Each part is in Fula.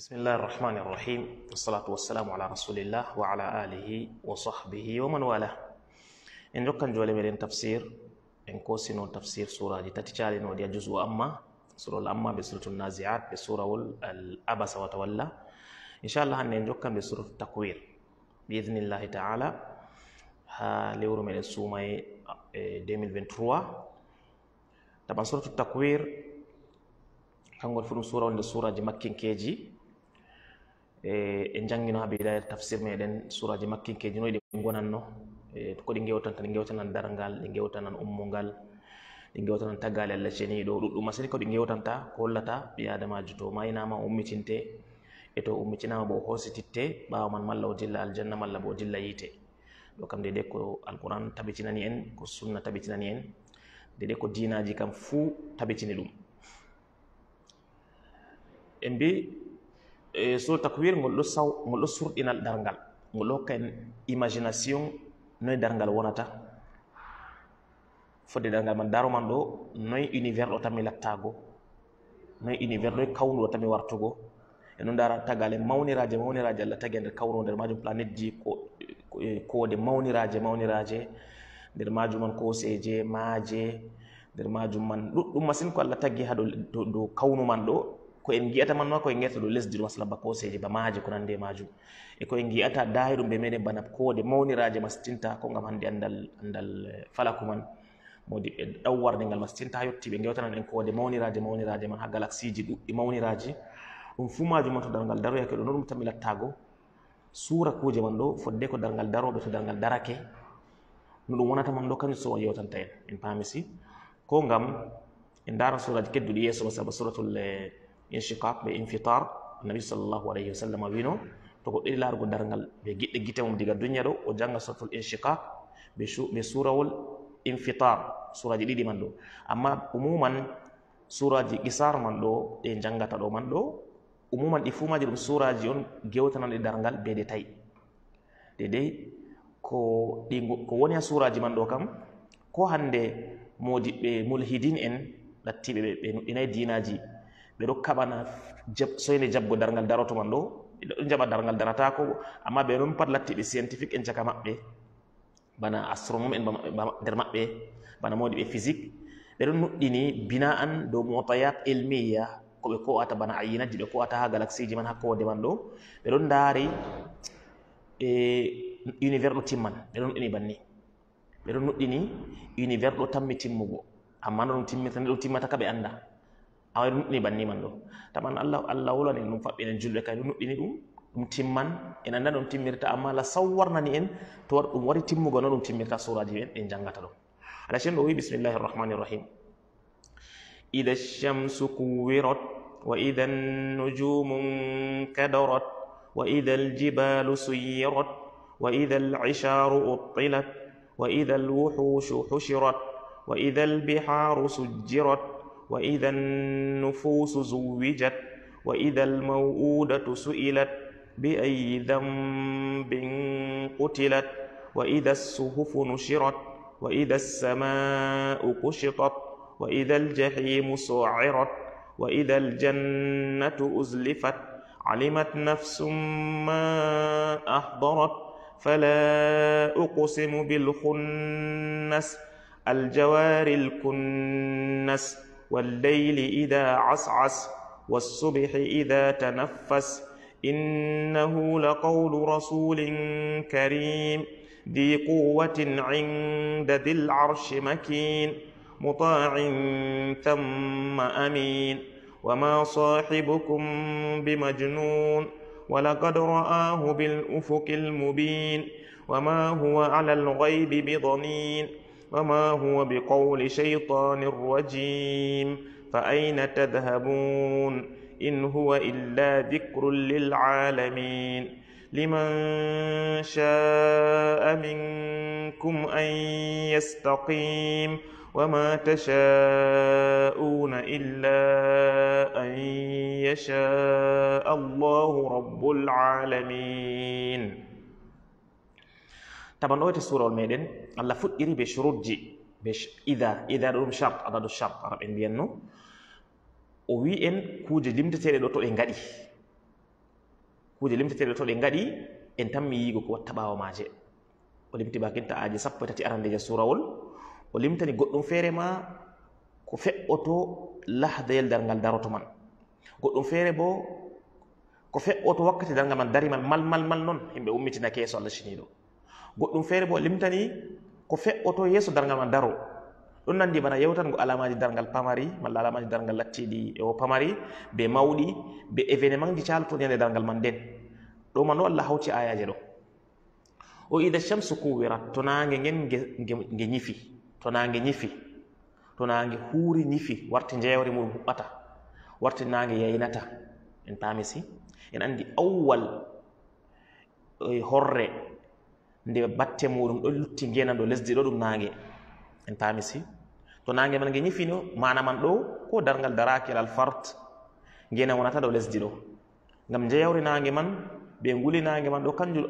بسم الله الرحمن الرحيم والصلاة والسلام على رسول الله وعلى آله وصحبه ومن والاه إن جوكان جوالي مرين تفسير إن كوسي نون تفسير سورة دي تتشالي نون دي جزء أما سورة الأما بسورة النازعات بسورة الأبس وتولى إن شاء الله أن جوكان بسورة التكوير بإذن الله تعالى ها لورو مرين سومة 2023 طبعا سورة التكوير فرم سورة sura سورة جمكين كيجي e, e jangino ha bida tafsir meɗen suraji makkinkeji noyi ɗi gonanno e, to koɗi gewtanta ɗi gewtanan darngal ɗi gewtanan ummungal ɗi gewtanan tagali allah ceniɗo ɗuɗɗum masiri koɗi gewtanta ko hollata ɓi adamajo to maynama o ummitinte e to ummitinama bo o hoosititte ɓawa man malla o dilla aljanna malla bo o dilla yiite ɗo kam dede ko alquran tabitinani en ko sunna tabitinani en dede ko dinaji kam fuu tabitini ɗum en mbi Eh, so takwir ngolɗo saw ngolɗo surɗinal darngal ngolɗo hokka en imagination noye darngal wonata fodde darngal man daroman ɗo noye univers ɗo tanmi lattago noye univers noye kawnuɗo tanmi wartugo e non dara tagale mawniraje mawniraje allah tagi e nder kawru nder majum planète ji kode e, mawniraje mawniraje nder majum man koseje maje nder majum man ɗuɗɗum masine ko allah tagi ha dow kawnu man ɗo ko en gi'ata man ma ko en gi'ata lesdi ɗum masala ba ba maaje ko nande majum e ko en gi'ata daayi ɗum ɓe meɗen bana kode mawniraje mastinta ko gam hande andal andal falaku man modi ɓe ɗawwarde ngal mastinta ha ɓe gewtanan en kode mawniraje mawniraje man ha galaxie ɗuɗɗi mawniraji ɗum fu majum man to dalngal daroyake ɗo no ɗum tami lattago suura kuuje man ɗo fodde ko dalngal daroɗo to dalngal darake no ɗum wonata man ɗo kañum so on yewtanta en en paami si ko ngam en ndaran suraji kedduɗi yeeso masaba suratul eh, inchiqaq ɓe infitar annabi salllahu alayhi wa sallam wino to goɗɗo ɗi laarugo darngal ɓe giɗɗe gite mum diga duniat ɗo o jannga sortol inchiqaq ɓe surawol infitar suraji ɗiɗi man ɗo amma umuman suraji qisar man ɗo ɗe jangata ɗo man ɗo umuman ɗi fuumaji ɗum suraji on gewtananɗe darngal beede tawi de dey ko ɗi ko woni ha suraji man ɗo kam ko hannde modiɓɓe mulhidin en lattiɓe ɓe nuɗɗinayi dinaji kabana jeb so ene jabgo darangal daroto man ɗo jaba darangal darata ko amma be non pat be scientifique en caka mabbe bana astronome en der mabbe bana modi be physique ɓe nuddini bina'an do mutayat ilmiya ko be ko ata bana bana jibe ko ata ha galaxy ji man de man do ɓe ɗon ndaari e univers do timman ɓe ɗon nuɗɗini banni ɓe ɗon nuɗɗini univers do tammi timmugo amma non timmi tan do timmata ka be anda awa nuɗɗini banni man ɗo taman allah allah wolwan en ɗum faɓɓinen julɓe kadi nuɗɗini ɗum ɗum timman en annda ɗum timmirta amma allah sawwarnani en to waɗa ɗum wari timmugo no ɗum timmirta suraji en ɗen janngata ɗo ala cen ɗo wi bisimillahi irrahmani irrahim ida lchamsu kuwirat wa ida nnujumu nkadarat wa ida aljibalu suyirat wa ida alcisharu uttilat wa ida alwuxushu xushirat wa ida albiharu sujjirat وإذا النفوس زوجت وإذا الموءودة سئلت بأي ذنب قتلت وإذا الصحف نشرت وإذا السماء كشطت وإذا الجحيم سعرت وإذا الجنة أزلفت علمت نفس ما أحضرت فلا أقسم بالخنس الجوار الكنس والليل إذا عسعس والصبح إذا تنفس إنه لقول رسول كريم ذي قوة عند ذي العرش مكين مطاع ثم أمين وما صاحبكم بمجنون ولقد رآه بالأفق المبين وما هو على الغيب بضنين وما هو بقول شيطان رجيم فأين تذهبون إن هو إلا ذكر للعالمين لمن شاء منكم أن يستقيم وما تشاءون إلا أن يشاء الله رب العالمين tawa nowete suurawol meɗen allah fuɗɗiri be chorotji be ida ida ɗo ɗum chart adaɗo chart ara ɓe mbiyanno o wi en kuuje limteteɗe ɗo to ɓe gaɗi kuuje limteteɗe ɗo to ɓe gaɗi en tan mi yiigo ko watta ɓawa maje o limti bakinta aji sappo e tati arandeje suurawol o limtani goɗɗum feere ma ko feɗɗoto lahdayel dar ngal daroto man goɗɗum feere bo ko feɗɗoto wakkati dar ngal man dariman malmalmal noon yimɓe ummitinakeeso allah ciniɗo goɗɗum feere bo limtani ko feɓɓoto yeeso dargal ma daro ɗum nanndi bana yew tan ngo alamaji dargal pamari malla alamaji dargal lattiɗi e o pamari be mawɗi be événement ji calato ñande dargal man nden ɗo ma no allah hawti ayaji ɗo o ida shamsu kuwira to nage gen nge ñifi to nage ñifi to nage huuri ñifi warti jeewre mum huɓɓata warti nage yaynata en paamisi en anndi awwal eh, horre nde batte muɗum ɗo lutti ngena ɗo lesdi ɗo ɗum nage en tamisi to nage man ge ñifino mana man ɗo ko dargal darakel alfart ngena wonata ɗo lesdi ɗo ngam jeyawri nage man ɓe nguli nage man ɗo kanjum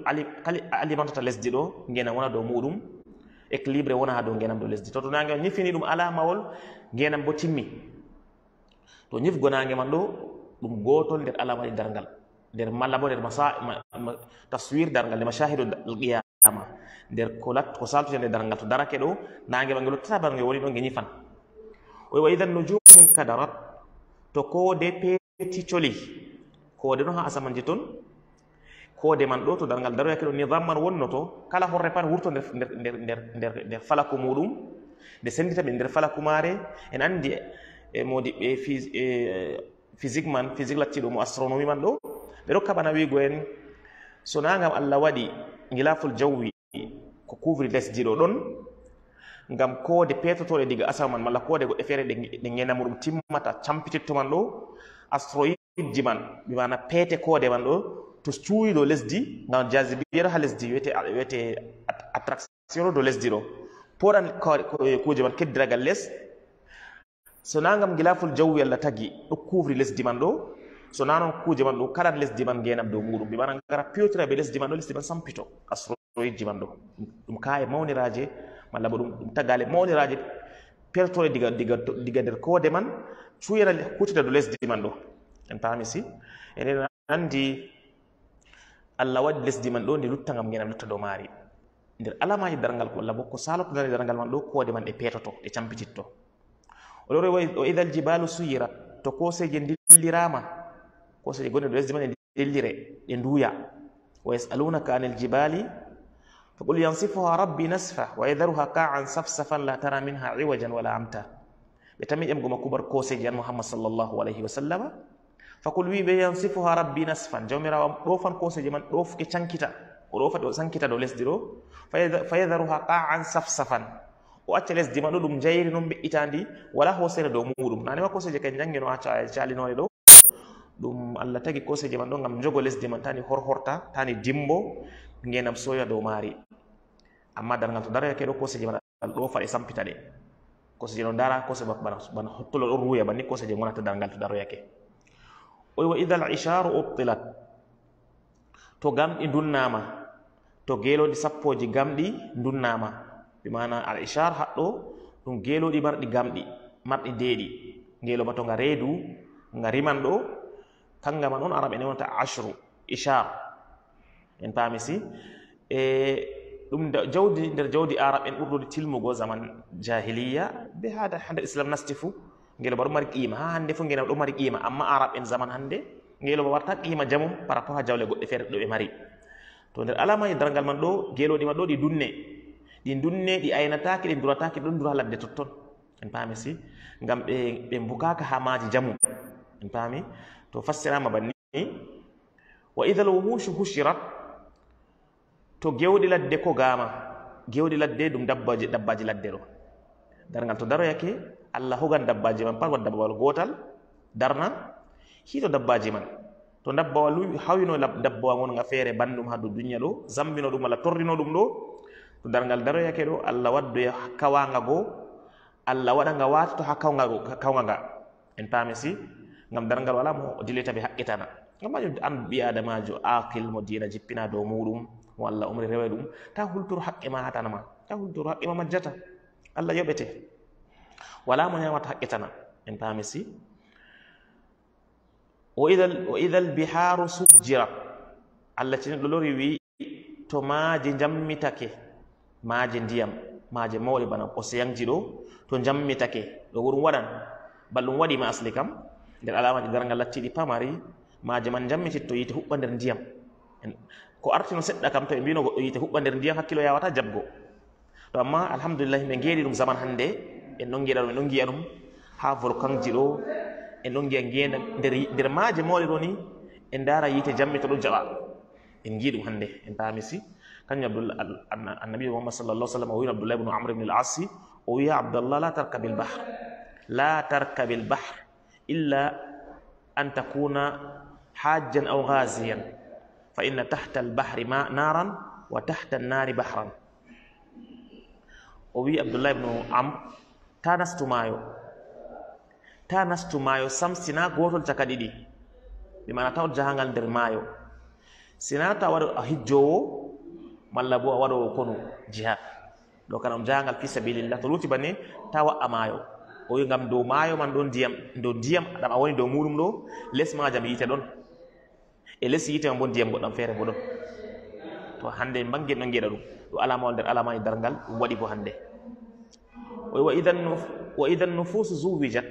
alimantata lesdi ɗo ngena wona dow muɗum équilibre wona ha dow ngenam ɗo lesdi toto nage man ñifini ɗum alamawol ngenam bo timmi to ñifgo nage man ɗo ɗum gotol nder alamaɗi dargal nder malla bo nder masa taswir dargal nde masahidu alqiya ma nder ko lat ko saltotende dar ngal to darake ɗo nangel ngel lottata bar woni ɗon ngel ñifan o wi wa ida nujumum kadarat to koode peeti coli koode no ha asamaji toon koode man ɗo to darngal daroyake ɗo nidam man wonnoto kala horre pat wurto nder falaku muɗum nde sendita ɓe nder falakumare en andi e modi ɓe physique man physique lattiɗo mo astronomie man ɗo ɓe ɗo kaɓana wigo en so nagam allah waɗi gilaful jawwi ko couvri lesdi ɗo ɗon ngam kode petotoɗe diga asaman malla kode goɗɗe feere ɗe genamu ɗum timmata campititto man ɗo astroidji man ɓimana peete koode man ɗo to cuuyi ɗo lesdi ngam jasibiyata ha lesdi wiyete attraction ɗo do lesdi ɗo poɗan kuuje man keddiragal les so nagam gilaful jawwi allah tagi ɗo couvri lesdi man ɗo so nanon kuuje man ɗum kala lesdi man ngenam dow muɗum mbi mana ngara pewtira ɓe lesdi man ɗo lesdi man sampito asroyiji man ɗo ɗum kaye mawniraje malla bo ɗum ɗum tagale mawniraje pertore diga diga diga nder koode man cuuyera huttida do lesdi man ɗo en paami si eɗen anndi allah waɗi lesdi man ɗo nde lutta ngam ngenam lutta dow maari nder alamaji darngal walla bo ko salotodare darngal man ɗo koode man ɗe peetoto ɗe campititto oɗo rewa o ida aljibalu suyirat to koseje dillirama ko so ɗe gonɗe ɗo lesdi man e dellire ɗe nduya wa yasalunaka anil jibali faqul yansifuha rabbi nasfa wa yadaruha kaan safsafan la tara minha iwajan wala amta ɓe tami ƴemgo makko bar koseji an mouhammad sallllahu alayhi wa sallama faqul wi ɓe yansifuha rabbi nasfan jawmirawa ɗofan koseji man ɗofke cankita o ɗofati o sankita dow lesdi ɗo fa yadaruha kaan safsafan o acca lesdi ma ɗo ɗum jayri noon mbe'itandi wala hoosere dow muɗum nanema koseje kay jangge no acca calinoɗe ɗo ɗum allah tagi koseje man ɗo ngam jogo lesdi man tani horhorta tani dimbo ngenam soya dow maari amma dargal to daroyake ɗo koseje man al ɗo faɗe sampita ɗe koseje no dara kose bana hottolo ɗo ruya banni koseje gonata dargal to daroyake o wa ida al isharu ubtilat to gamɗi dunnama to geloɗi sappoji gamɗi dunnama ɓe mana al ishar haɗɗo ɗum di marɗi gamɗi marɗi deeɗi ngeloma to nga reedu nga riman ɗo tangaman on arab en wonta ashru ishar en paami si e eh, ɗum jawdi der jawdi arab en ɓurdude tilmugo zaman jahiliya be hada hande islam nastifu fuu ngelo ba mari qima ha hande fof ngena do mari qima amma arab en zaman hande, ngelo ba warta qima jamu par rapport ha jawle goɗɗe fere do be mari to alama yi darangal man gelo di ma do di dunne di dunne ɗi di ɗi durataki ɗon dura ladde totton en paami si ngam be eh, be bukaka ha maaji jamu en paami to fassirama banni wa ida alwuhushu hushirat to gewɗi ladde ko gama gewɗi ladde ɗum dabbaji ladde ɗo darngal to daroyake allah hogan dabbaji man pat wat dabbawal gotal darna hito dabbaji man to dabbawal hawino dabbawa gonga feere bandum ha do duniya ɗo zambino ɗum allah torrino ɗum ɗo to darngal daroyake ɗo allah waddoya kawanga go allah waɗa nga watato ha kawga nga en pamisi ngam dargal wala mo dillita ɓe haqqitana ngam majum an ɓi adamajo aqil mo dina jippina dow muɗum mo allah umri rewe ɗum ta hultoro haqqe ma hatanama ta hultoro haqqe ma majjata allah yoɓete wala mo ñamata haqqitana en paami si wa ida albiharu sujjirat allah cini ɗolori wi to maaje jammitake maaje ndiyam maaje mawɗe bana oséyanji ɗo to jammitake ɗo wurum waɗan ballum waɗima asli kam nder alamaji dargal di pamari jaman jammi jammititto yite hubba der ndiyam ko no sedda kam to ɓe bino goɗɗo yiite huɓɓa ndiyam hakkilo yawata jabgo to amma alhamdulillah ɓe ngeeri dum zaman hande, en ɗon ngeɗa ɗum en ɗon ha volcan jiro, en ɗon ngenda der der maaje mawɗe ɗo ni en dara yite jammi to do Kan en ngi dum hande en paamisi kañum annabijo muhammad Sallallahu sallam o wino abdullah ibn amr ibn al asi wa ya abdallah la tarkabil bahr la tarkabil bahr إلا أن تكون حاجا أو غازيا فإن تحت البحر ما نارا وتحت النار بحرا وبي عبد الله بن عم تانس تمايو تانس تمايو سم سنا غوتل تكاديدي لما نتاو جهانغال در مايو سنا تاوارو أهجو مالبو أوارو كونو جهاد لو كان جهانغال في سبيل الله تلوتي بني تاو مايو o wi ngam dow maayo man ɗon ndiyam dow ndiyam ɗam a woni dow muɗum ɗo les majam yiite ɗon e les yiite man bo ndiyam goɗɗam feere bo ɗon to hannde mbangge ɗon geɗa ɗum ɗo alamawal nder alama e dargal ɗum waɗi bo hannde wa idan nofus zuwijat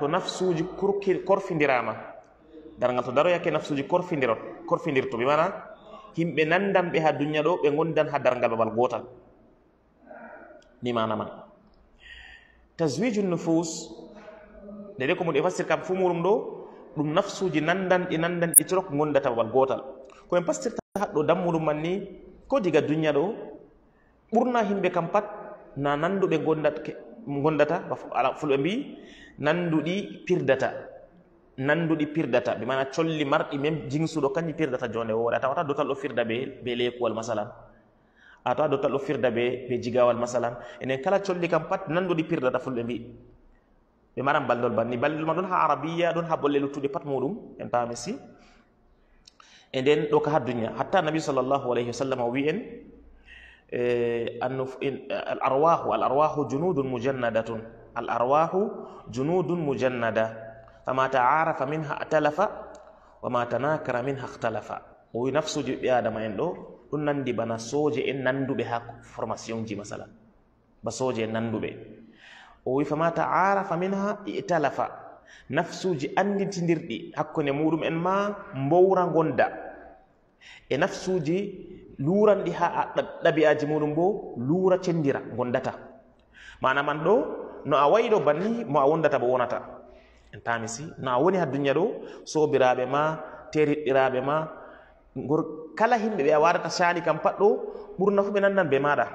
to nafsuji korfidirama dargal to daroyake nafsuji korfidir korfidirto ɓe mana yimɓe nandanɓe ha duniya ɗo ɓe gondan ha dargal babal gotal ni manaman Tazwijun nufus dede ko mo ɗe fastir kam fu muɗum ɗo ɗum nafsuji nandan ɗi nandan gondata babal gotal ko en pastirta haɗɗo dammuɗum man ni ko diga duniya nan ɓurna himɓe kam pat na nanduɓe gondata ala fulɓe mbi pirdata dimana pirdata ɓe mana colli marɗi pirdata jonde woɗa oh, tawata dotal lo firda ɓe be leykuwal masalan ata do talo firda be be jigawal masalan ene kala cholli kam pat nando di nanduɗi pirdata fulbe bi be maram baldol banni baldol ma don ha arabiya don ha bolle luttuɗe pat modum en pami si e den do ka ha hatta nabi sallallahu alaihi wasallam wi en al arwahu al arwahu junudun mujannadatun al arwahu junudun mujannada fama taarafa minha atalafa wama tanakara minha ihtalafa o wi nafsuji ɓiɓɓe adama en ɗo ɗum nandi bana soje en nanduɓe ha formation ji masala ba soje en nanduɓe o wi famata arafa minha italafa nafsuji annditidirɗi hakkunde muɗum en ma mbowra gonda e nafsuji luranɗi ha ɗabi'aji muɗum bo luura cendira gondata mana man ɗo no a wayɗo banni mo a wondata bo wonata en tamisi no a woni ha duniya ɗo sobiraɓe ma teriɗɗiraɓe ma ngor kala himɓe ɓe a wadata sani kam pat ɗo ɓurna fu ɓe nandan be maɗa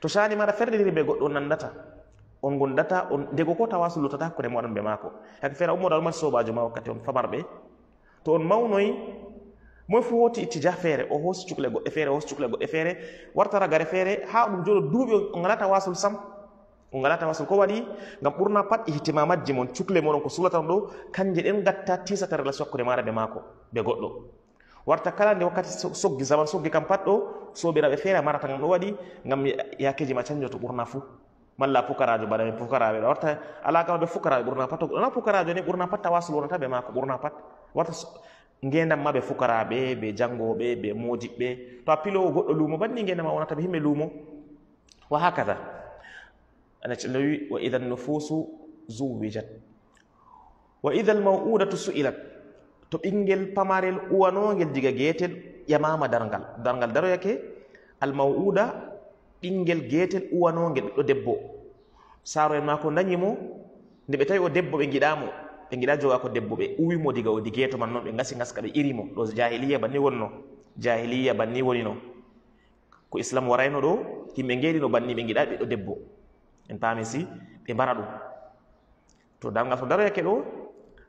to sani maɗa ferɗiniri ɓe goɗɗo nandata on gondata on ndego ko tawa sullotata hakkude moɗon ɓe maako hak feera ummoda ɗumati sobajo ma wakkati on famarɓe to on mawnoyi moy fu hoti ittija feere o hoosi cukle goɗɗe feere hoosi cukle goɗɗe feere wartara gare feere ha ɗum joɗo duuɓi o ngala tawasol sam o ngala tawasol ko waɗi ngam ɓurna pat ihtima majji mon cukle moɗon ko sulatan ɗo kanje ɗen gatta tisata relation hakkude maɗa ɓe maako ɓe goɗɗo warta kala nde wakkati soggi zaman soggi kam pat ɗo soɓiraɓe feere a marata ngam ɗo waɗi ngam yakeji ma canjoto ɓurna fu malla pukarajo mbaɗa men pukaraɓe ɗa warta ala kama ɓe fukaraɓe ɓurna pat ona pukarajo ni ɓurna pat tawasul wonata ɓe maako ɓurna pat warta ngendam ma ɓe fukaraɓe ɓe jangoɓe ɓe mojiɓɓe to a pilowo goɗɗo lumo banni ngendam ma wonata ɓe himɓe lumo wa hakada anacno wa ida nnufusu zuwijat wa ida mauudatu su'ilat to ɓingel pamarel uwanogel diga geetel ƴamama darngal darngal daroyake almawuda ɓingel geetel uwanogel ɓiɗɗo debbo saro en mako dañi mo nde ɓe tawi o debbo ɓe giɗamo ɓe giɗa jogako debbo ɓe uwimo diga odi geeto man noon ɓe gasi gaska ɓe irimo ɗo jahiliya banni wonno jahiliya banni wonino ko islam warayno ɗo yimɓe geɗino banni ɓe giɗa ɓiɗɗo debbo en pami si ɓe mbara ɗum to dargal to daroyake ɗo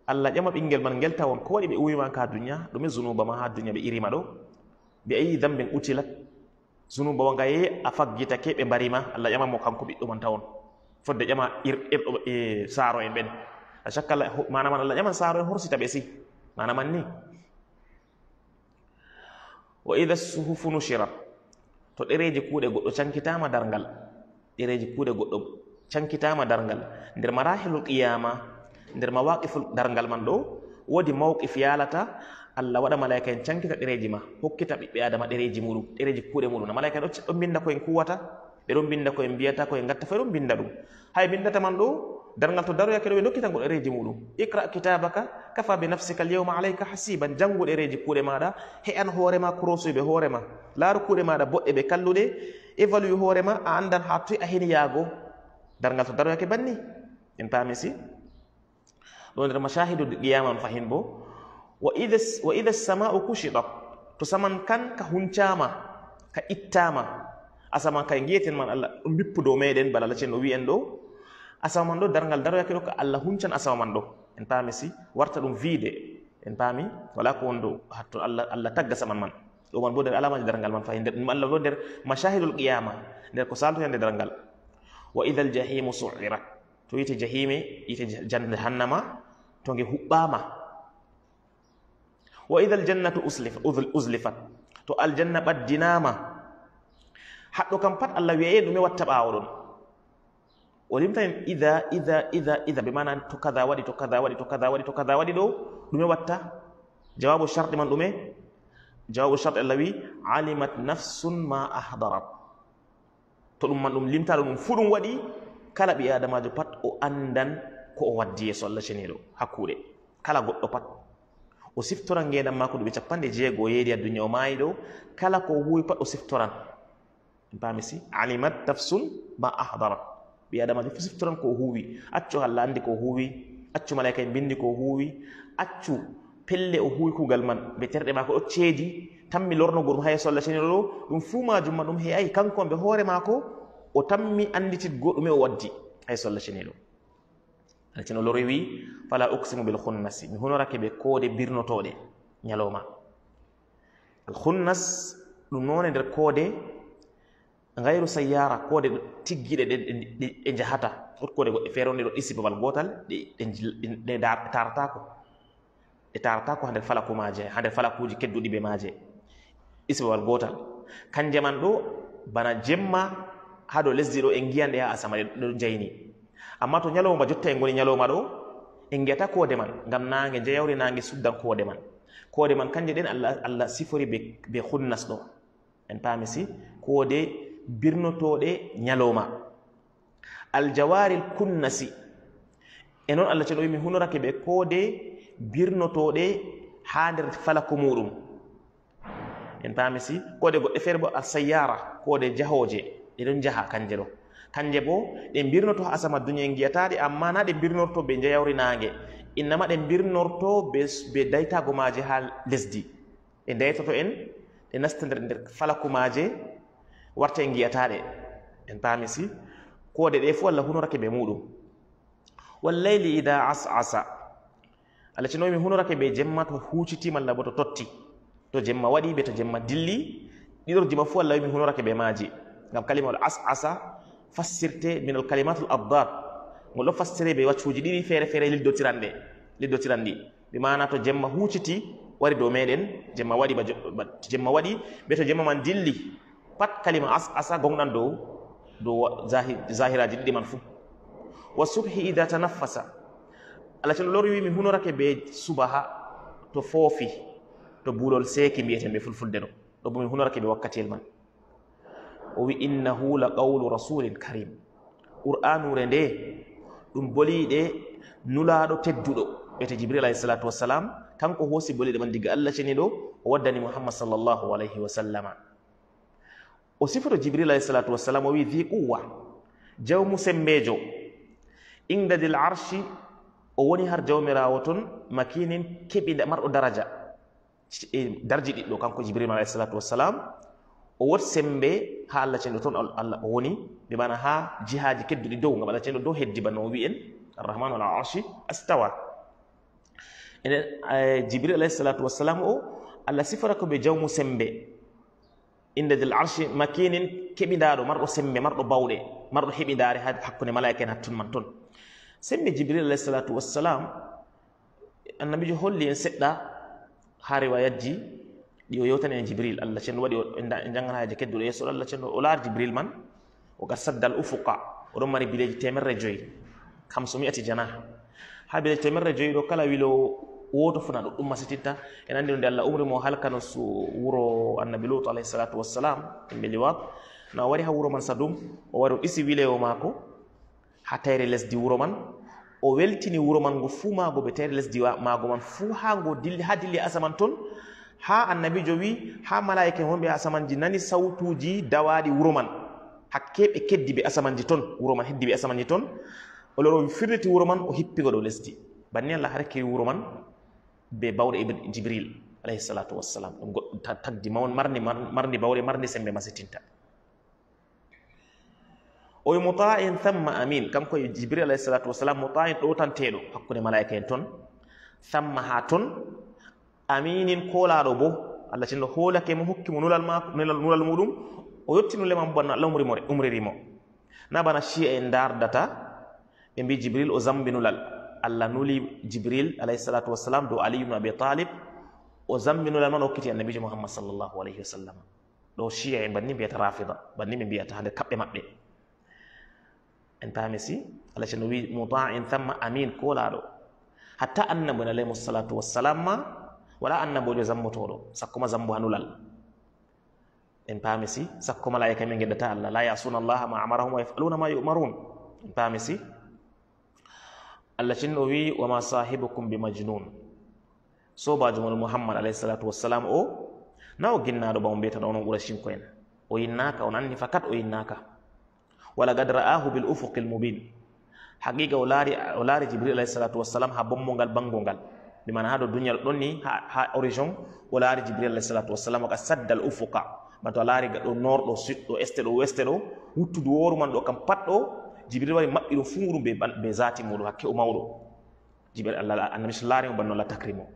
allah ƴama ɓinngel man ngel tawon ko waɗi ɓe uwima ka duniya ɗume zunuba ma ha duniya ɓe irima ɗo mbi ayi dambin utilat zunuba wa ngaye a faggitake ɓe mbarima allah ƴama mo kanko ɓiɗɗo man tawon fodde ƴama irɗo e saaro en ɓen a chaque alla manaman allah ƴaman saaro en horsita ɓe si manaman ni wa ida suhufu nushirat to ɗereji kuuɗe goɗɗo cankitama dar ngal ɗereji kuuɗe goɗɗo cankitama dar ngal nder marahilul qiyama nder mawaqifu darngal man ɗo woodi mawqif yaalata allah waɗa malaika en cankita ɗereeji ma hokkita ɓiɓɓe adama ɗereeji muɗum ɗereeji kuuɗe muɗum na malaika en ɗon binda koyen kuwata ɓe ɗon binda koyen mbiyata koyen gatta fo ɗon binda ɗum hay bindata man ɗo darngal to daroyake ɗo ɓe dokkita ngo ɗereeji muɗum iqra kitabaka kafa be nafsika lyawma alayka hasiban janngu ɗereeji kuuɗe maɗa heyan hoorema korosoyɓe hoorema laaru kuuɗe maɗa boɗɗe ɓe kalluɗe évalue hoorema a anndan haa toyi a heni yaago darngal to daroyake banni en paami si donc masyahidu qiyamah fahin bo wa idha wa idha as-sama'u kushidat tusamankan ka huncama ka ittama asaman kan ngiyeten man allah bippudo meɗen bala lacen o wi'en ɗo asaman ɗo dargal daroyake ɗo ko allah huncan asaman ɗo en paami si warta ɗum viide en paami wala ko wonɗo hatto allah allah tagga saman man ɗo man bo nder alamaji dargal man fayi nder ɗum allah ɗo nder mashahidul qiyama nder ko saltoya nde dargal wa ida aljahimu su'irat to yite jahime yite jahannama to nge huɓɓama wa ida aljannatu uslifat to aljanna ɓaddinama haɗɗo kam pat allah wi'aye ɗume watta ɓawo ɗon o limtan ida idha idha ida be mana to kadha waɗi to kadha wadi to kadha waɗi to kada waɗi ɗo ɗume watta jawabu shart man ɗume jawabu shart allah wi alimat nafsun ma ahdarat to ɗum man ɗum limtaɗo ɗum fuu wadi kala ɓi adamajo pat o andan ko o waddi yeso allah ceniiɗo hakkuɗe kala goɗɗo pat o siftoran ngeɗan mako ɗuɓe capanɗe jeego yeedi a duniya o maayi ɗo kala ko huwi pat o siftoran pami si alimat tafsun ma ahdarat ɓi adamajo fo siftoran ko huwi accu allah andi ko huwi accu malaika e bindi ko huwi accu pelle o huwi kugal man ɓe terɗe mako ɗo ceedi tan mi lornogo ɗum ha yeso allah ceniiɗo ɗo ɗum fuu majum ma ɗum heyayi kankon ɓe hoore maako o tammi anditit goɗume o waddi ay solla ceniɗo ala ceni olori wi fala uksimu bil hunnasi mi honorake ɓe koode birnotoɗe ñalowma al hunnas ɗum noone nder koode gayru sayyara koode tiggiɗe ɗe jahata otkode goɗɗe feeronde ɗo ɗisi babal gotal ɗe taratako ɗe taratako hander falaku maje ha nder falakuji kedduɗi ɓe maje ɗisi babal gotal kanjeman ɗo bana jemma ha dow lesdi e ɗo en giyande ha asama ɗo jayni amma to ñalowma jotta e goni ñalowma ɗo en giyata koode man ngam nage jeyawre nage suddan koode man koode man kanje ɗen allah alla sifori be, be hunnas ɗo en paami si koode birnotoɗe ñalowma aljawaril kunnasi e noon allah ceeɗo wi mi hunorake ɓe koode birnotoɗe ha nder falako muɗum en paami si koode goɗɗe feere bo a sayyara koode jahooje ɗeɗon jaha kanje ɗo kanje bo ɗe birnoto asama duniya giyataɗe amma na ɗe birnorto ɓe jayawri nage innama ɗe birnorto be, be daytago maje ha lesdi ɗe daytoto en ɗe nasta nder nder falaku maje warta e giyataɗe en pami si kode ɗe fo allah hunorake ɓe muɗum wallayli ida asasa allah cinowi mi hunorake ɓe jemma to huccitima allah bo to totti to jemma waɗi ɓe to jemma dilli ɗiɗorjima fo allah wi mi hunorake ɓe maji ngam kalimawol as asa fassirte minal kalimatul addar ngol ɗo fassire ɓe waccuji ɗiɗi feere feere lildotiran ɗe lildotiran ɗi ɗi mana to jemma huciti wari dow meɗen jemma waɗi to jemma waɗi ɓe to jemma man dilli pat kalima as asa gonɗan dow dow zahiraji ɗiɗi man fou wa subhi ida tanaffasa allah ceno lori wimi hunorake ɓe subaha to foofi to buulol seeki mbiyeten ɓe fulfulde ɗo ɗo bomi hunorake ɓe wakkatiyel man o wi innahu la qawlu rasulin karim qur'anure nde ɗum boliɗe nulaɗo tedduɗo wiyete jibril alayhi salatu wassalam kanko hoosi boliɗe man diga allah ceniɗo o waddani mouhammad sallllahu alayhi wa sallama o sifoto jibril alayhi salatu wassalam o wi hi quwa jawmu sembejo inda dil arshi o woni har jawmirawo ton makinin keɓida marɗo daraja darji ɗiɗɗo kanko jibril alayhi salatu wassalam o wot sembe ha allah ceno toon allah o woni ɓe mana ha jihaji kedduɗi dow gam allah ceno dow heddi bano o wi'en arrahman wala arshi astawa enen e, jibril alayhi salatu wassalam o allah sifora ko ɓe jawmu sembe inde del arshi makinin keɓidaɗo marɗo sembe marɗo bawɗe marɗo heɓidare ha hakkude malaika en hattun man toon sembe jibril alayhi salatu wassalam annabijo holli en seɗɗa ha riwayatji ɗi o yewtani en jibril allah cenɗo waɗi janganaji kedduɗo yesso allah chen o laari jibril man o saddal ufuqa oɗon mari bileji temerre joyi ati jana ha bileji temerre joyi do kala wilo woto funa do dum masitita en andi ndalla nde allah umri mo halkano su wuro annabi lut alayhi salatu wassalam yimɓe liwat na wari ha wuro man sadum o wari o ɗisi wilewo maako ha tayre lesdi wuro man o weltini wuro man ngo fuma go be tayre lesdi maago man fu ha ngo dilli ha dilli asa man toon ha annabi jo wi ha malaika wonɓe asamanji nani sawtuji dawaɗi wuroman hakke ɓe keddi ɓe asamanji ton wuroman heddi ɓe asamanji ton o loro firliti wuroman o hippigo ɗo lesdi banni allah harkiri wuroman be bawɗe jibril alayhi salatu wassalam ɗum goɗɗotaddi mawn marni marni bawɗe marni sembe masitinta o wi mutain thamma amin kanko e jibril alayhi salatu wassalam mutain ɗo tanteɗo hakkude malaika en ton thamma ha ton aminin kola bo allah tinno hoolake mo hokki mo nulal mako nulal muɗum o yettinule ma banna allah umri umririmo na bana chi'a en dardata ɓe bi jibril o zambi allah nuli jibril alayhi salatu wassalam do ali bne abi talib o zambi nulal man hokkiti annabijo muhammad sallallahu alayhi wasallam do ɗo chi'a banni mbiyata rafida banni ɓe mbiyata hande kaɓɓe maɓɓe en paami allah tinno wi muta in thamma amin kolaɗo hatta annabinalayhimu salatu wassalam wala annabojo zammotoɗo sakkoma zambo hanulal en paami si sakko malaika min geddata allah la yasuna allaha ma amarahum wa yafaluna ma yumarun en paami si allah cin wi wama sahibukum bi majnun sobajo mon muhammad alayhi salatu wassalam o na o ginnaɗo bamo mbiyataɗo onon ɓuura cinko en o yinnaka on anni fakat o yinnaka wala gad ra'ahu bil ufuqi l mubin haqiqa o laari o laari jibril alayhi salatu wassalam ha bommogal bangogal ɗimana ha ɗo duñal ɗon ni ha origin o laari jibril alah salatu wassalam oka saddal ufuka bato a laari gaɗo norɗo suɗɗo este ɗo weste ɗo wuttudu wooru man ɗo kam pat ɗo jibril wari maɓɓi ɗo fuu ɗum be zati muɗum hakke o mawɗo jibril allah annabi so laarimo banno allah takri mo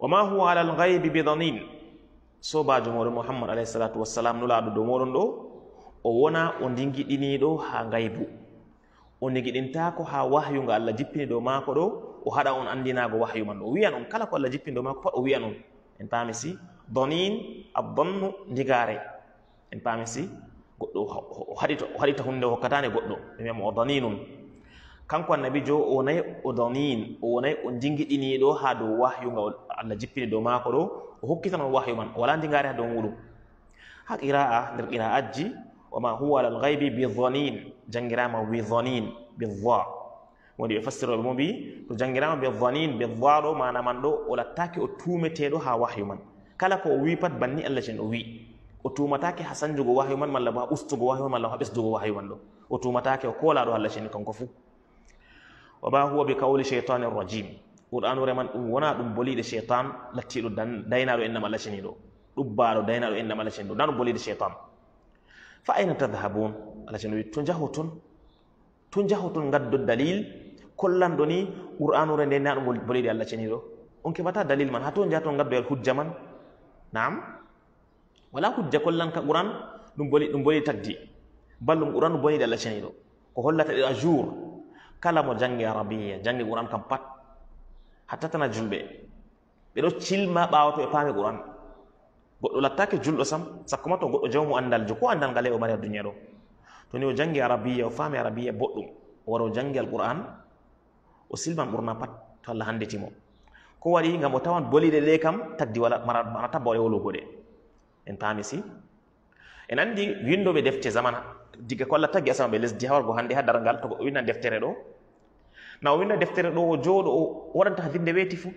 wa ma huwa ala lgaybi bidanin sobajo moɗo mouhammad alayhi salatu wassalam no laaɗo dow moɗon ɗo o wona o ndingiɗiniɗo ha gaybu o negiɗintaako haa wahyu nga allah jippini dow maako ɗo o haɗa on anndinaago wahyu man o wiyan on kala ko allah jippini dow maako pat o wiyan on en paami si donin a bonnu ndigaare en paami si goɗɗo o haɗita hunde o hokkataane goɗɗo ɓe wiyama o donin on kanko annabi jo o nayi o donin o wonayi o jingiɗiniiɗo haa dow wahyu nga allah jippini dow maako ɗo o hokkitan on wahyu man o walaa ndigaare haa dow muɗum haa qira'a nder qira'atji وما هو على الغيب بظنين جنجرام بظنين بالضاء ودي يفسر المبي جنجرام بظنين بالضاء ما انا من دو ولا تاكي اوتومتي دو ها من كلا كو بات بني الله جن وي اوتوماتاكي حسن جو وحي من مالا با استو جو وحي من مالا جو وحي من دو اوتوماتاكي وكولا دو الله جن كونكو وما هو بقول شيطان الرجيم قران ورمان وانا دم بولي دي شيطان لتيلو دان داينا دو انما لاشيني دو دوبارو داينا انما لاشيني دو دان بولي الشيطان فأين تذهبون الله جنوي تنجهوتون تنجهوتون قد الدليل كلن دوني قرآن ورنينا بوليدي الله جنيرو أنك بتا دليل من هاتون جاتون قد الحجة من نعم ولا حجة كلن قرآن نبولي نبولي تدي بل قرآن بوليدي الله جنيرو كهلا تدي أجور كلام جنگ عربية جنگ قرآن كم حتى تنا جنبه بيرو تشيل ما باوتو يفهم القرآن goɗɗo lattake julɗo sam sakkoma to goɗɗo jawmu andal jo ko andal ngale o mari a duniya ɗo to ni o jangi arabiya o faami arabiya boɗɗum o wara o jangi al qur'an o silman ɓurna pat to allah handitimo ko waɗi ngam o tawan boliɗe ɗe kam tagdi walamana tabba waɗa e wologoɗe en paami si en anndi windoɓe defte zamana diga ko allah tagi asamaɓe lesdi hawargo hannde ha dargal to goɗɗo winna deftere ɗo na o winna deftere ɗo o jooɗo o waɗanta hadirde weeti fuu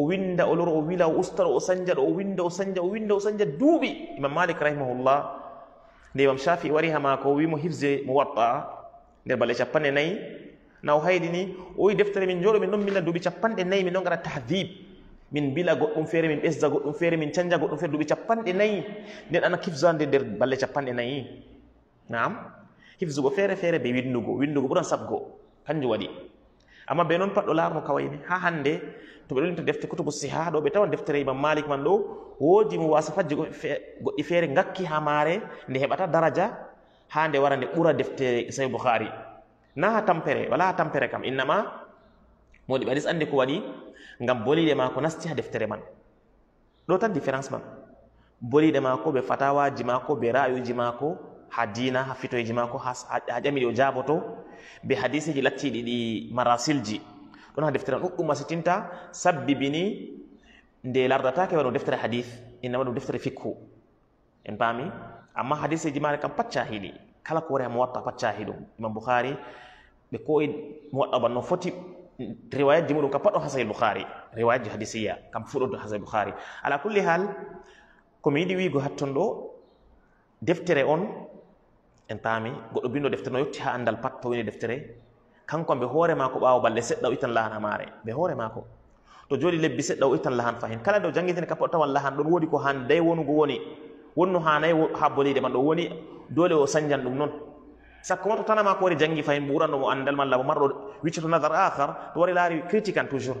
o winda o loro o wila o ustaro o sanja ɗo o winda o sanja o winda o sanja duuɓi imam malik rahimahullah nde imam shafi wari ha maako wiimo hifse mo warta nder balɗe capanɗe nayyi na o haydi ni o wi deftere min jooɗo min ɗon mbina duuɓi capanɗe nayyi min ɗon gara tahdib min mbila goɗɗum feere min ɓesda goɗɗum feere min canja goɗɗum feere duuɓi capanɗe nayyi nden ana kifzande nder balɗe capanɗe nayyi nam hifzugo feere feere ɓe windugo windugo ɓuran sabgo kanjum waɗi amma be noon pat ɗo laarno kawayni ha hannde to ɓe ɗolinta defte kutubu siha ɗo ɓe tawan deftere imam malik man ɗo woodi mo wasafatji goɗɗi feere ngakki ha maare nde heɓata daraja ha nde wara nde ɓura deftere sahi bouhari na ha tampere wala ha tampere kam innama moɗi ɓe aris annde ko waɗi ngam boliɗe maako nasti ha deftere man ɗo tan différence man boliɗe maako ɓe fatawaji maako ɓe rayuji maako hadina ha fitoyeji mako ha ƴamiɗi do jaboto ji latti di di marasilji don ha deftere umma sitinta sabbibini nde ke wono deftere hadis inna wono deftere fikku en paami amma ji mare kam patcha hidi kala ko re muwatta mo watta imam Bukhari. be ko mo waɗɗa banno foti riwayat muɗum kam pat hasan bukhari riwayat bouhari hadisiya kam fudo do hasan bukhari ala kulli hal komi wi wiigo hatton deftere on en paami goɗɗo binɗo deftere no yetti ha andal pat to woni deftere kanko mbe hoore ko ɓaawo balle seɗɗa o ittan lahan ha maare mbe hoore maako to jooɗi lebbi seɗɗa o ittan lahan fahin kala nde o jangitini ka tawan lahan ɗon woodi ko handey wonugo woni wonno hanayi ha boliide man ɗo woni doole o sañjan ɗum noon sakko ma to tana ko wari jangi fahin ɓuranno mo andal malla mo marɗo wiccoto nadar ahar to wari laari critique an toujours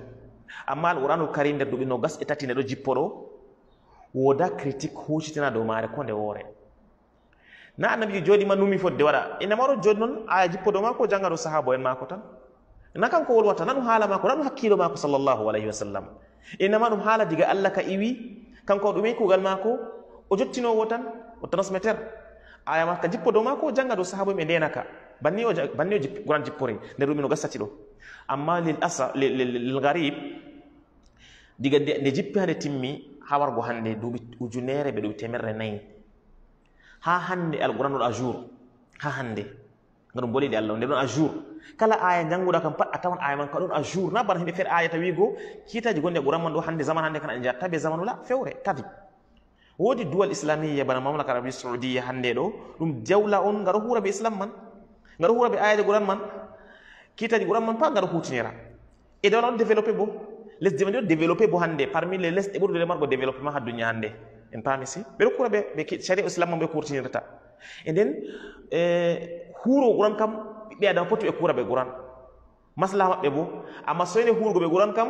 amma al qouranul kari nder duuɓi no gas e tati nde ɗo jippoɗo wooda critique huucitina dow maare ko nde woore na annabijo jooɗima numi fodde waɗa ene maro joni noon aya jippoɗo mako jangaɗo sahaba en mako tan na kanko wolwata na ɗum haala mako na ɗum hakkilo mako sallllahu alayhi wa sallam innama ɗum haala diga allah ka iwi kanko ɗume kuugal maako o jottinowo tan o transmetteur aya ma ka jippo dow maako o janga dow sahaba banni o banni o guran jippori nder ɗumin gassati ɗo amma lil asa lil garib diga nde jippi hande timmi ha wargo hande duuɓi ujunere ɓe ɗum temerre nayyi ha hande alquran ɗo a jour ha hande nga ɗum boliɗe allah nde ɗon a jour kala aya jannguɗa kam pat a tawan aya man ka ɗon a jour na bana himɓe feere aya tawi go kiitaji gonɗi e ɓuran man ɗo hannde zaman hannde kana en jatta be zaman wala fewre tawi woodi duwal islamia bana mamlaka arabi saudia hannde ɗo ɗum jawla on ngaɗo huura be islam man ngaɗo huura be ayaji ɓuran man kiitaji ɓuran man pat ngaɗo hutinira e dawla on développé bo lesdi man ɗo développé bo hannde parmi les lesɗe ɓurɗe margo développement ha duniat hannde en paami si ɗo kura ɓe ɓe caria islam ma ɓe kurtinirta e nden eh, huuro guran kam ɓiɓɓe adama poti ɓe kura ɓe guran maslaha maɓɓe bo amma soyne huurgo ɓe guran kam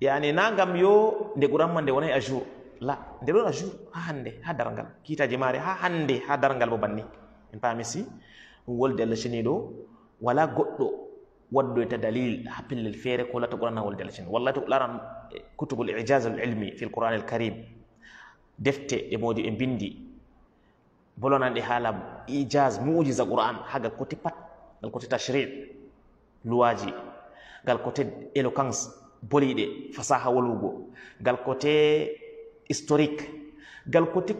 yani na ngam yo nde guran ma nde wonayi aju, jour la nde ɗon aju jour ha hannde ha darngal kiitaji maare ha hannde ha darngal bo banni en paami si ɗum wolde allah ceniɗo wala goɗɗo waddoyta dalil ha pellel feere ko lata ɓuranawol dalil cen wallahi to laran eh, kutubul ijazal ilmi fi l al karim defte ɗe modi ɓe bindi bolonanɗe haala ijas mujiza qur'an ha gal côté pat gal côté tachri luwaji gal côté éloquence boliɗe fasaha wolwugo gal côté historique gal côté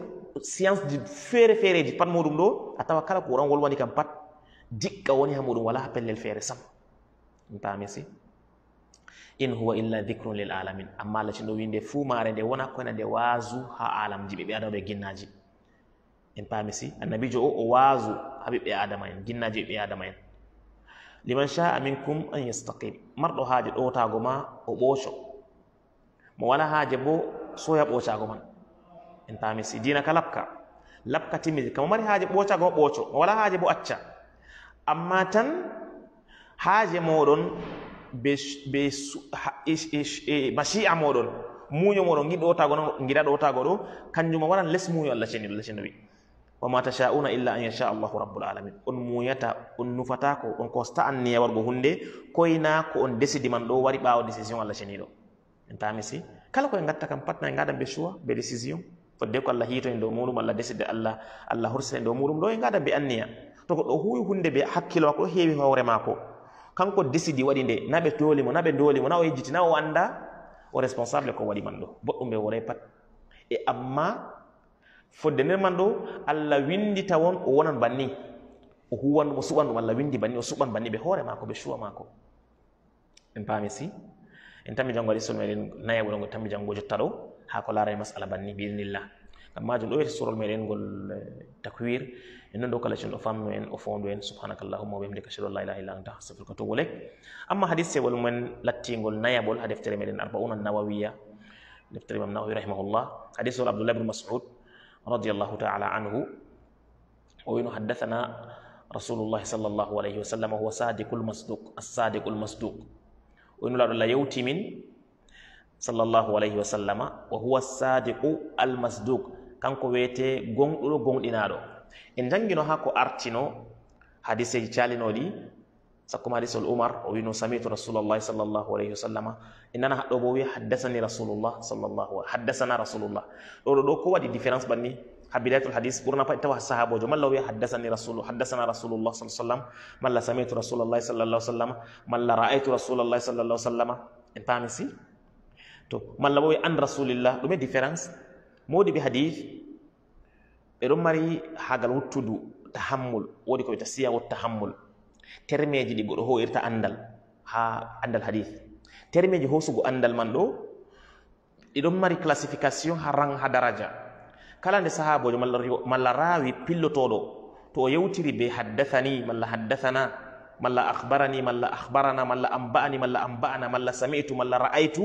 science ji feere feereji pat muɗum ɗo a tawa kala ko qur'an wolwani kam pat diqqa woni ha muɗum wala ha pellel feere sam ɗum pamisi in huwa illa dicrum lil alamin amma allah cinɗo winde fuu mare nde wona koyna nde waasu ha alam ji ɓiɓɓe adama ɓe ginnaji en paami si annabijo o o waasu ha ɓiɓɓe adama en ginnaji e ɓiɓɓe adama en liman chaa minkum an yestaqim marɗo haaje ɗowtaago ma o ɓooco mo wala haaje bo soya ɓoocaago man en paami si dina ka lapka lapka timmiti kamo mari haaje ɓoocaago ma ɓooco mo wala haaje bo acca amma tan haaje moɗon be, be masi'a moɗon muño moɗon giɗɗo otago noon giɗaɗo otago ɗo kanjuma waran les muño allah ceniɗo allah ceni wi wama tasha'una illa an yasha allahu rabbul alamin on muyata on nufatako on kosta an niya wargo hunde koyna ko on décidi man ɗo wari ɓawo décision allah ceniɗo en tamisi kala koye gatta kam patna e gadan be choix be décision fodde ko allah hiito e dow muɗum allah décide allah allah horsita en dow muɗum ɗo e gadan be anniya to goɗɗo huwi hunde be hakkilo makko ɗo heewi hoore maako kanko décidi waɗi nde na ɓe toolimo na ɓe doolimo na o yejjiti na o annda o responsable ko waɗi man ɗo boɗɗum ɓe woray pat e amma fodde nder man ɗo allah windi tawon o wonan banni o huwan ɗum o suɓan ɗum allah windi banni o suɓan banni ɓe hoore maako ɓe cuwa maako en paami si en tammi janngo aɗi solmeɗen naya wuro tammi janngo jotta ɗo haa ko laara e masala banni biidinillah كما جل وعلا سورة المريم آه، تكوير إنه دوك الله شنو فهم وين أفهم وين سبحانك اللهم وبحمدك أشهد أن لا إله إلا أنت أستغفرك وأتوب إليك أما حديث سؤال من لاتين قل نايا حديث تري مريم أربعون النووية نفتري من النووي رحمه الله حديث عبد الله بن مسعود رضي الله تعالى عنه وين حدثنا رسول الله صلى الله عليه وسلم هو صادق المصدوق الصادق المصدوق وين لا لا يوتي من صلى الله عليه وسلم وهو الصادق المصدوق kanko wiyete gonɗuɗo gonɗinaɗo en jangino ha ko artino hadiseji calinoɗi sakkuma hadisol umar o wino samitu rasulullahi sallllahu alayhi wa sallama en nana haɗɗo bo wiya haddasani rasulullah sallllahu haddasana rasulullah ɗoɗo ɗo ko waɗi différence banni ha bidayatul hadis ɓurna pat tawa sahabojo malla wiya haddasani rasulu haddasana rasulullah sa sallam malla samitu rasulullahi sallallah sallama malla ra'aytu rasulullahi sallallah sallama en paami si to malla bo wiya an rasulillah ɗume différence modi be hadis ɓe ɗon mari hagal wuttudu tahammul wodi ko wiyta siyawo tahammul termeji ɗi goɗo hoyirta andal ha andal hadis termeji hosugo andal man ɗo ɗiɗon mari classification ha rang ha daraja kala nde sahabojo malla rawi pillotoɗo to o yewtiri be haddathani malla haddathana malla ahbarani malla ahbarana malla amba'ani malla amba'ana malla sami'tu malla ra'aytu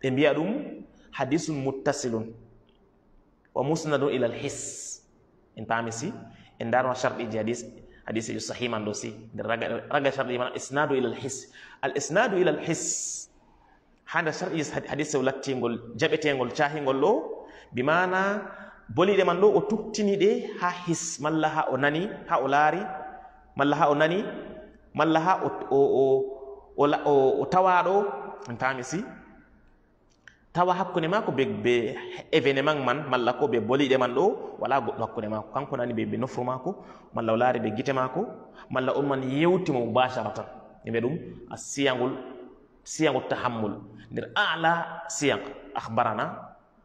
ɓe mbiya ɗum hadisun muttasilun ومسند إلى الحس انتامي سي إن دار شرط حديث حديث صحيح من دوسي رجع شرط إيمان إسناد إلى الحس الإسناد إلى الحس هذا شرط حديث ولتي نقول جبتي نقول تينغول نقول لو بمعنى boliɗe man ɗo o tuktini ɗe ha his malla ha o nani ha o ملها او ha o او او ha o tawaɗo en tami tawa hakkunde maako be be événement man malla ko be boliɗe man ɗo wala goɗɗo hakkunde maako kanko nani be be nofru maako malla o laari be gite maako malla on man yewti mo mubasara tan ɓe ɗum a siyagol siyagu tahammul nder ala siyag akhbarana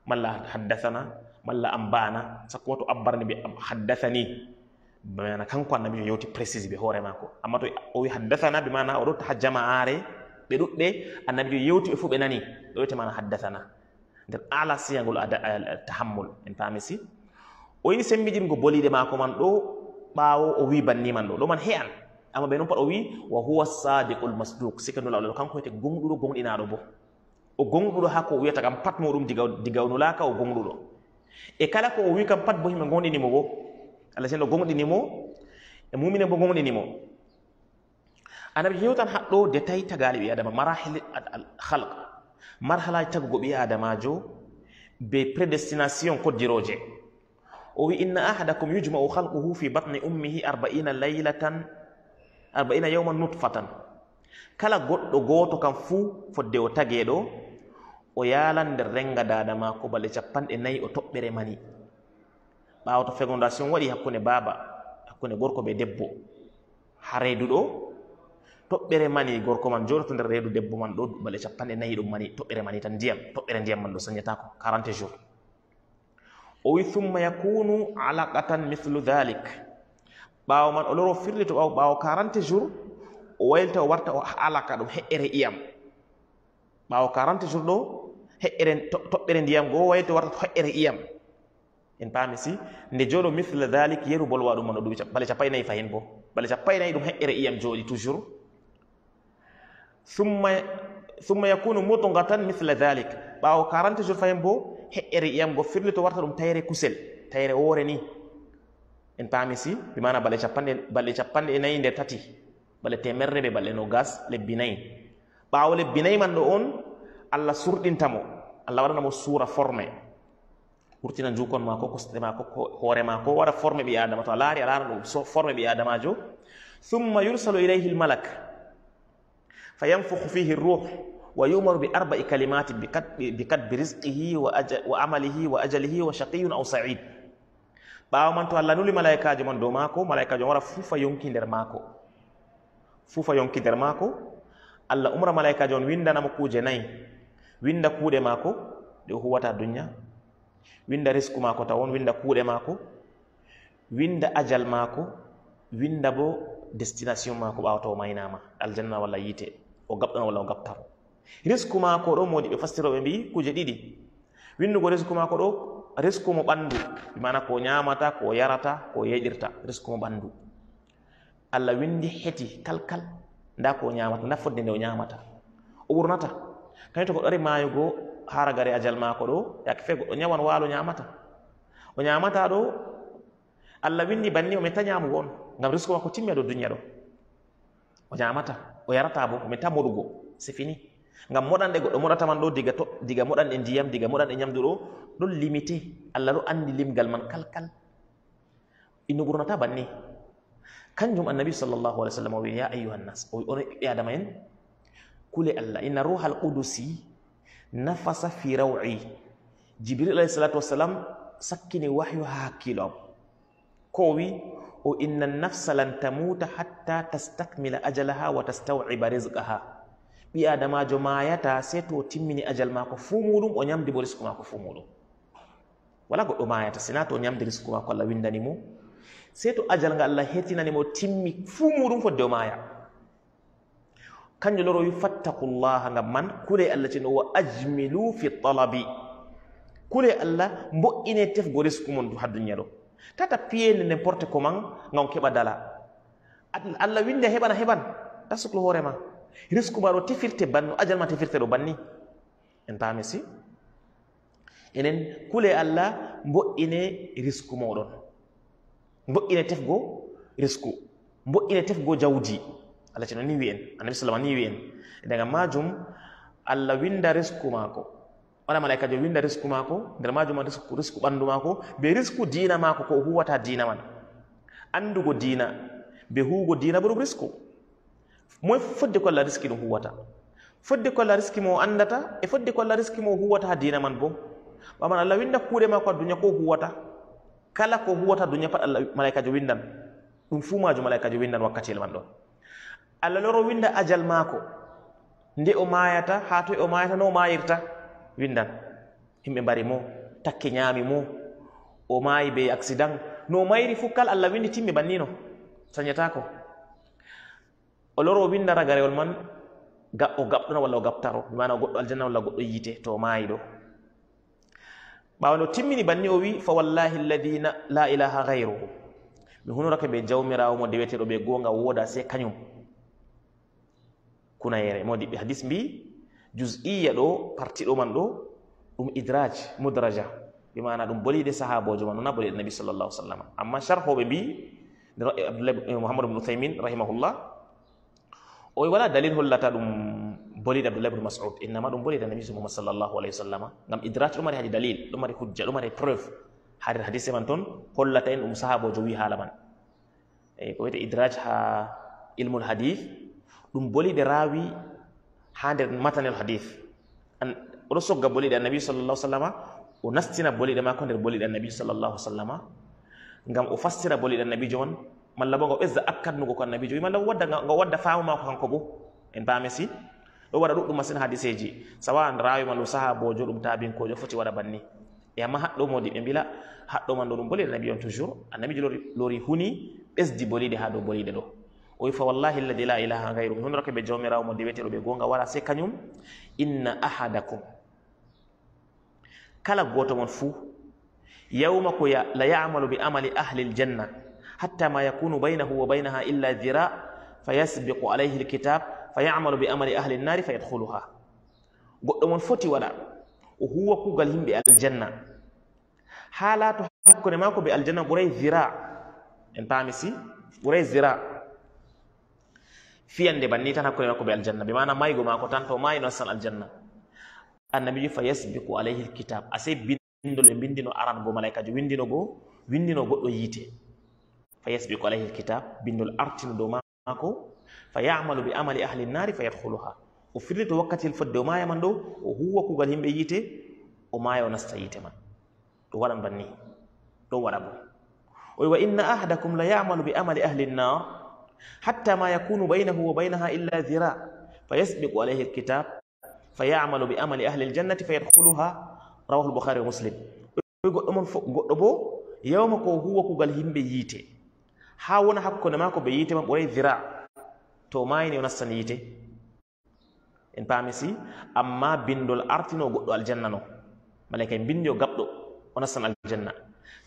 malla haddathana malla ambana sakko wato abbarani be haddathani bemana kanko annabi yo yewti précise be hoore maako amma to o wi haddathana ɓe mana oɗo taha jama'are ɓe ɗuɓɓe annabijo yewtuɓe fof ɓe nani ɗo wiyete mana haddatana nder ala siyangol eh, tahammol en paami si o yii sembijingo boliɗe maako man ɗo ɓaawo o wii banni man ɗo ɗo man heyan amma ɓe noon pat o wii wa huwa sadiqul masduk sikanulaɗo kanko wiyete gonɗuɗo gonɗinaaɗo bo o gonɗuɗo haa ko o wiyata kam pat muɗum digawnulaaka o gonɗuɗo e kala ko o wii kam pat bo himɓe gonɗinimo bo alah sinno gonɗinimo e mumine bo gonɗinimo annabi hewtan haɗɗo detay tagali ɓi adama marahil halq marhalaji tagugo ɓi adamajo be prédestination koddiroje o wi inna ahadakum yujmau halquhu fi batni ummihi arbaina laylatan arbaina yawma nutfatan kala goɗɗo goto kam fuu fodde o tageɗo o yalan nder renga dada mako balɗe capanɗe nayi o toɓɓere mani ɓawa to fécondation waɗi hakkunde baba hakkunde gorko ɓe debbo ha reduɗo toɓɓere mani gorko man joɗoto nder reedu debbo man ɗo duɓale capanɗe nayi ɗum mani toɓɓere mani tan ndiyam toɓɓere ndiyam man ɗo sañatako 40 jours o wi summa yakunu alaqatan mithlu dhalik ɓawo man o loro firde to ɓawo ɓawo 40 jours o waylta o warta o alaqa ɗum heƴere iyam ɓawo 40 jours ɗo heƴere toɓɓere ndiyam goo waylta warta heƴere iyam en paami si nde jooɗo mithle dhalik yeru bolwa ɗum man o ɗuɓi bale capanɗe nayi fayin bo bale capanɗe nayi ɗum heƴere iyam jooɗi toujours ثم ثم يكون مضغة مثل ذلك باو كارنت جور فايم بو هئري يام بو فيرلي تو ورتا دم تايري كوسل تايري ورني en paami si mi mana balle capanɗe balle capanɗe e nayi nder tati balle temerre ɓe balle nogas lebbi nayi ɓaawo lebbi nayi man ɗo on allah surɗintamo allah waɗanamo suura forme wurtina jukon maako kosɗe maako hoore maako waɗa forme ɓi adama to a laari a laara ɗum forme ɓi adamajo summa yursalu ilayhi l malak Fayan fihi ruh wa yu'maru bi arba'i kalimatin bi kadbi rizqihi wa amalihi wa ajalihi wa shaqiyyun aw sa'id ɓaawo man to allah nuli malaikaji man dow mako, malaikaji on wara fufa yonki nder mako, fufa yonki nder mako. allah umra malaikaji winda windanamo kuuje nayi winda kuuɗe mako, ɗe o huwata duniya winda risku mako taw on winda kuuɗe mako, winda ajal mako, winda bo destination mako maako ɓaawa taw maynama aljanna walla yiite o gaɓɗano walla o gaɓtaro risque maako ɗo modi ɓe fastiroɓe mbi kuje ɗiɗi windugo risque maako ɗo risque mo ɓanndu mana ko ñamata ko yarata ko yeɗirta risque mo ɓanndu allah windi heti kalkal nda ko ñamata nda fodde nde o ñamata o ɓurnata kañum to goɗɗo ari maayugo haragare adial maako ɗo yake fe goɗɗo ñawan waalo ñamata o ñamata ɗo allah windi banni o metta ñamugo on ngam risque makko timmi ado duniya ɗo o ñamata o yarata bo min sefini. modugo c'est fini ngam moɗanɗe goddo modata man do diga to diga moɗanɗe ndiyam diga moɗanɗe ñamdu ɗo do limiti. allah do andi limgal man kalkal Inu gurnata banni kanjum annabi sallallahu alaihi wasallam wi ya nas o on ya, adama kule allah inna ruhal al qudusi nafasa fi rawi jibril alaihi salatu wasallam sakkini wahyu ha ko wi وإن النفس لن تموت حتى تستكمل أجلها وتستوعب رزقها ɓi adamajo mayata sey to timmini ajal mako fuu muɗum o ñamdi bo risku mako fuu muɗum wala goɗɗo mayata sina to o ñamdi risku mako allah windani mo sey to ajal nga allah hettinani mo timmi fuu muɗum fodde o maya kanjo lorowi fattakullaha ngam man kule allah ceni o wa ajmilu fi talabi kule allah mbo'ine tefgo risku mon ha duniya ɗo tata piyeni n'importe comment ngam keɓa dala allah winde a heɓan a heɓan ta suklo hoorema risque ma ɗo tefirte banno ajal ma tefirte ɗo banni en pami si enen kule allah mbo'ine risque moɗon mbo'ine tefgo risque mbo'ine tefgo jawdi allah ceno ni wi en annabi salama ni wi en e ndegam majum allah winda risque mako wala malaika jo winda risku mako der majo ma risku risku bandu mako be risku dina mako ko huwata dina man andu go dina be hugo dina bo risku moy fodde ko la riski ɗum huwata fodde ko la riski mo andata e fodde ko la riski mo e huwata dina man bo ba man allah winda kude mako dunya ko huwata kala ko huwata dunya pat allah malaika jo windan dum fu majo malaika jo windan wakkatiyel man do allah loro winda ajal mako nde o mayata ha toye o mayata no mayirta maayirta windan yimɓe mbari mo takke ñaami mo o maayi be accident no mayri fu kala allah windi timmi bannino sañatako o loro o winda ragarewol man o gaɓɗona walla o gaɓtaro mimana o goɗɗo aljanna walla goɗɗo yiite to maayi ɗo ɓawa no timmini banni o wi fa wallahi lladi la ilaha gayruhu mi hunoraka ɓe jawmirawo mo deweteɗo ɓe goonga wooda se kañum kunayere mo diɓɓe hadis mbi جزئية لو بارتي لو من لو أم إدراج مدرجة بما أن أم بولي دي صحابة جمع نونا بولي النبي صلى الله عليه وسلم أما شرحه ببي عبد الله محمد بن مثيمين رحمه الله أو ولا دليل هو لتا أم بولي عبد الله بن مسعود إنما أم بولي النبي صلى الله عليه وسلم نعم إدراج لو ماري دليل لو ماري حجة لو ماري بروف هذا الحديث من تون هو لتا أم صحابة جوي هالمن إيه كويت إدراج ها علم الحديث أم بولي دراوي hande matanel hadith an oɗo sogga boliɗe annabi sallallah sallama o nastina boliɗe mako nder boliɗe annabi sallallahu sallama ngam o fassira boliɗe annabijo on malla bo ngo ɓesda akkannugo ko annabijo wi malla wadda ngo wadda faamu mako kanko bo en paami si ɗo waɗa ɗuɗɗum masin hadiseji sawa an rawi man ɗum sahabojo ɗum tabinkojo foti waɗa banni e amma haɗɗo modi ɓe mbila haɗɗo man ɗo ɗum boliɗe annabi on toujours annabijo lori huni ɓesdi boliɗe ha dow boliɗe ɗo ويف والله الذي لا اله غيره هن ركب جومي راو مديبتي رو بيغونغا ولا سيكانيوم ان احدكم كلا غوتو من فو يوم كو لا يعمل بعمل اهل الجنه حتى ما يكون بينه وبينها الا ذراع فيسبق عليه الكتاب فيعمل بعمل اهل النار فيدخلها غوتو من فوتي ودا وهو كو غال هيمبي الجنه حالات حكو ماكو بالجنه غري ذراع انتامي سي غري ذراع fiyande banni tan hakkude makko ɓe aljanna ɓe mana maygo mako tan to mayino assan aljanna annabijo fa yasbiku alayhi lkitab ase bindol ɓe bindino aran go malaika jo windino go windino goɗɗo yiite fa yasbiku alayhi lkitab bindol artino dow mako fa yamalu bi amali ahli nnari fa yadhuluha o firri to wakkati fodde o mayaman ɗo o huwa kugal himɓe yiite o maya o nasta yiite man ɗo waɗan banni ɗon waɗa bo oyi wa inna ahadakum la yamalu bi amali ahli nnar حتى ما يكون بينه وبينها إلا ذراع فيسبق عليه الكتاب فيعمل بأمل أهل الجنة فيدخلها رواه البخاري ومسلم أمم يوم هو قال هم بييتي حاونا حقا ما كو بييتي ما بوري ذراع تو ماين ينسن ييتي إن بامسي أما بندو الأرض نو قدو الجنة نو ملكين بندو قبضو ونسن الجنة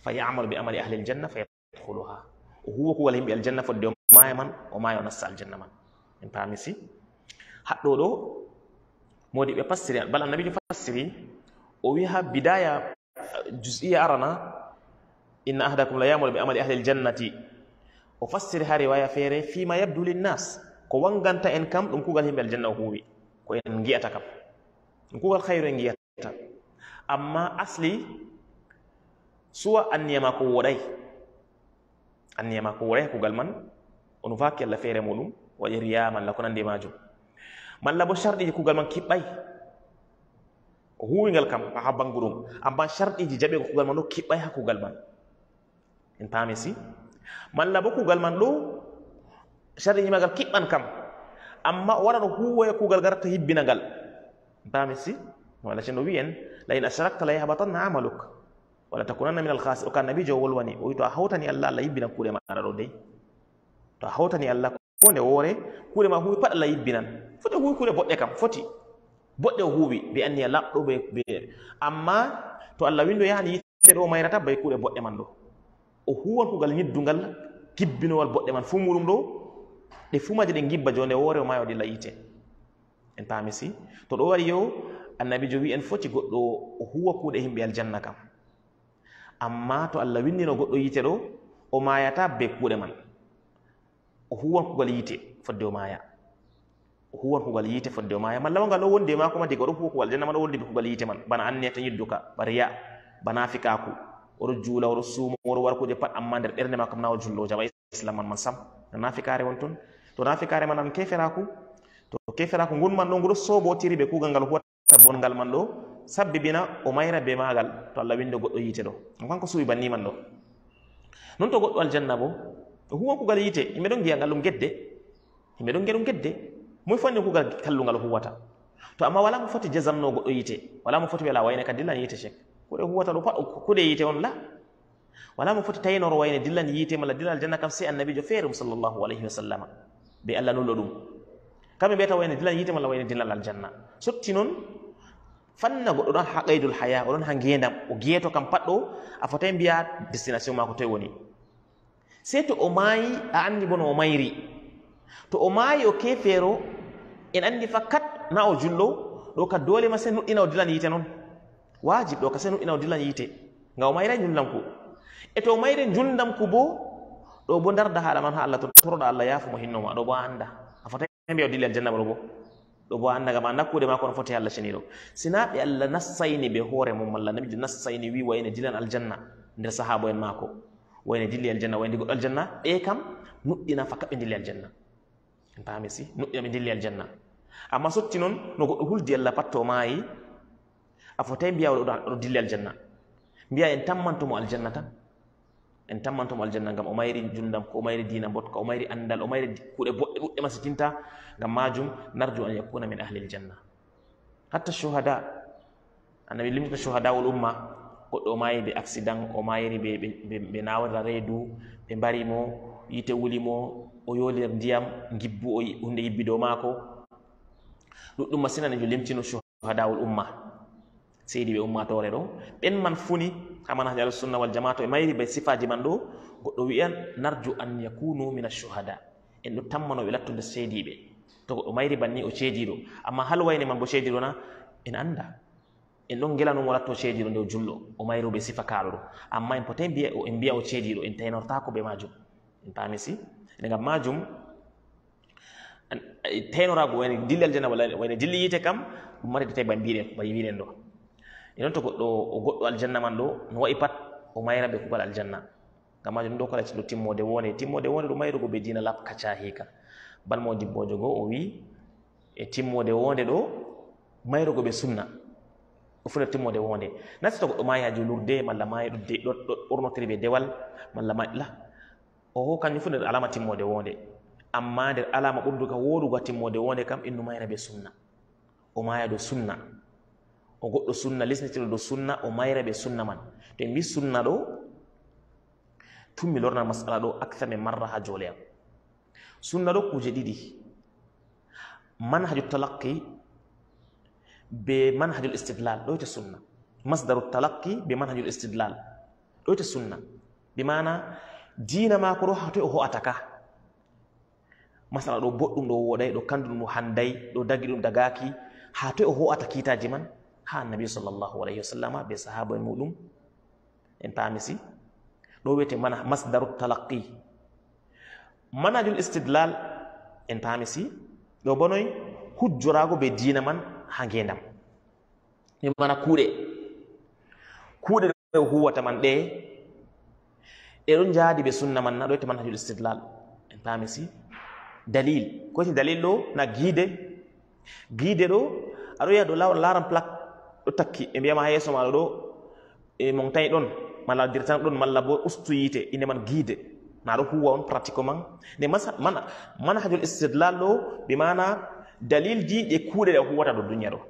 فيعمل بأمل أهل الجنة فيدخلها هو قال هم بي الجنة فديهم maya man o maya o nasta aljanna man en paami si haɗɗo ɗo modi ɓe bal annabi jo fassiri o wi ha bidaya juz'i arana inna ahdakum la yamuru bi amali ahli aljannati o fassiri ha riwaya feere fima yabdu nas ko wanganta en kam ɗum kugal himɓe aljanna o huwi ko en gi'ata kam ɗum kugal hayru en gi'ata amma asli suwa anniyama ko woɗay anniyama ko woɗay kugal man ono vaki ki allah feere muɗum waɗi riya malla ko nandi majum malla shardi ko gal man kiɓɓay o huwingal kam ha banggu ɗum shardi ji jabe ko gal man ɗo kiɓɓay ha ko gal man en paami si man malla bo gal man do shardi ji magal kiɓɓan kam amma o no huwa ko gal garta hibbina ngal en si wala ceno wi en la in ashrakta la yahbatan amaluk wala takunanna min alkhasi o ka annabijo o wolwani o wi to a hawtani allah allah yibbina kuuɗe maɗa ɗo dey to a hawtani allah ko nde woore kuure ma huuwi pat allah yibbinan foti huuwi kuure boɗɗe kam foti boɗɗe o huuwi mbi anniya laɓɗo ɓe amma to allah windo yahani yitte ɗo mayrata bay kuure boɗɗe man ɗo o huwan kugal ñiddungal kibbinowal boɗɗe man fuu muɗum ɗo ɗe fuumaji ɗe gibba jonde woore o ma o ɗilla yite en paami si to ɗo wari yo annabi jo wi en foti goɗɗo o huwa kuuɗe himɓe aljanna kam amma to allah windino goɗɗo yite ɗo o mayata be kuuɗe man o huwankugal yite foddeo maya o huwankugal yite foddeo maya malla wangal o wonde ma koma diga oɗo huwakugal jannama o wonde bikugal yite man bana anne ta yidduka bariya banafikaku oɗo juula oɗo suuma oɗo warkuje pat amma nder ɓernde ma kam na o jullo jaɓa islam man man sam no nafikare won toon to nafikare man an keferaku to keferaku gonman ɗo ngoɗo sobotiri ɓe kugal ngal huwata bongal man ɗo sabbibina o mayra be magal to allah windo goɗɗo yite ɗo kanko suwi banni man ɗo non to goɗɗo aljanna bo huwa kugal yite yimɓe ɗon giya ngal ɗum gedde yimɓe ɗon giya ɗum gedde moye fof kugal kallungal huwata to amma wala mo foti jasamno goɗɗo yite wala mo foti wiyala wayne ka dillan yite chek kuɗe huwata ɗo pat kuɗe yite on la wala mo foti taynoro wayne dillan yite mala dillal aljanna kam annabi annabijo feerum sallallahu alayhi wa sallama ɓe allah nullo ɗum kamɓe mbiyata wayne dillan yite mala wayne dillal aljanna sotti noon fanna goɗɗo ɗon ha qaydul haya oɗon ha ngendam o geeto kam pat ɗo a fotai mbiya destination mako ko woni sey to o maayi a anndi bono o mayri to o maayi o keefeero en anndi fa kat na o junlow ɗo ka doole ma sey nuɗɗina o dilan yiite noon waajib ɗo ka sey nuɗɗina o dilan yiite nga o mayra njulndamku e to o mayri njulndamku bo ɗo bo darda haala man ha allah toroɗa allah yaafo mo hinnoma ɗo bo a annda a fotae mbiya o dillel jannaba ɗo bo ɗo bo a annda ngam a nakkude ma kono foti allah ceniiɗo sina ɓe allah nassayni ɓe hoore mum malla nabijo nassayni wi wayne dilan aljanna nder sahaabo en maako wayne dilli aljanna wayne goɗɗo aljanna ɓe kam nuɗɗina fa kaɓe dilli aljanna en paami si nuɗɗina ɓe dilli aljanna amma sotti noon no goɗɗo huldi allah patto maayi a fotai mbiya oɗo dilli aljanna mbiya en tammantomo aljanna tan en tammantomo aljanna ngam o mayri jundam ko o mayri dina botka o mayri anndal o mayri kuuɗe boɗɗe ɓuɗɗe masitinta ngam majum narju an yakkuna min ahlil janna hatta chohada annabi limta chohada ol umma goɗɗo maayi ɓe accident o maayiri ɓe nawata reedu ɓe mbari mo yite wuli mo o yolir ndiyam gibbu o hunde yibbido maako ɗuɗɗum masina nejo limtino shuhadawol umma seydi ɓe ummatore ɗo ɓen man funi ha manahaji al sunna wal jama to ɓe mayri ɓe sifaji man ɗo goɗɗo wiyan narju an yakunu min ashuhada en ɗo tammanoɓe lattude seediɓe to goɗɗo mayri banni o ceediɗo amma halwayne man bo ceediɗo na en annda en ɗon gelano mo latto ceediro nde jullo o mayro ɓe sifa kaalodo amma en potin mbiya en mbiya o ceediɗo en teenortako ɓe majum en paami si egam majum e teenorago wayne dillal jana wayne dilli yiite kam ɗum mari detee bay mbiɗen bay wiɗen ɗo e noon to goɗɗo o goɗɗo aljanna man ɗo no wayi pat o mayra ɓe kugal aljanna gam majum ɗum ɗo kala ciɗo timmode wone timmode wonde ɗum mayrugo ɓe dina lab kacca hiika balmo dibbojo goo o wi e timmode wonde ɗo mayrugo ɓe e sunna o fuɗa timmode wonde nasi to goɗɗo maayi ha julurde malla maayi ɗo ɓornotiri ɓe dewal malla ma la o ho kañum fu nder alama timmode wonde amma nder alama ɓurduga woɗuga timmode wonde kam innu mayina ɓe sunna o maaya ɗo sunna o goɗɗo sunna lisnitiɗo ɗo sunna o mayira ɓe sunna man to en mbi sunna ɗo tun mi lornan masala ɗo acta min marra ha jooleyam sunna ɗo kuuje ɗiɗi man hajo talaki be manhajul istidlal ɗo wite sunna masdaru talaqqi be manhajul istidlal ɗo wite sunna bi mana diina maako ɗo hato o ho'ata ka masala ɗo boɗɗum ɗo woɗay ɗo kandu ɗum handay ɗo dagi ɗum dagaki ha to o ho'ata kiitaji man ha annabi sallllahu alayhi wa sallama be sahaba e muɗum en paamisi ɗo wiyete masdaru talaqqi manajul istidlal en paamisi ɗo bonoy hujjorago be diina man ha ngendam min mana kuuɗe kuuɗe ɗo huwata man ɗe eɗon jaadi ɓe sunna man na ɗo yitta man hajuɗe stidlal en pami si dalil koyti dalil ɗo na guide guide ɗo aɗo yiya ɗo lawol laran plak ɗo takki e mbiyama ha yesso maɗo ɗo e montaye ɗon malla dirtan ɗon malla bo ustu yiite inde man guide naɗo huwa on pratiquement nde mana hajul istidlal ɗo ɓe mana dalil din ɗe kuuɗe ɗe huwata ɗo duniya ɗo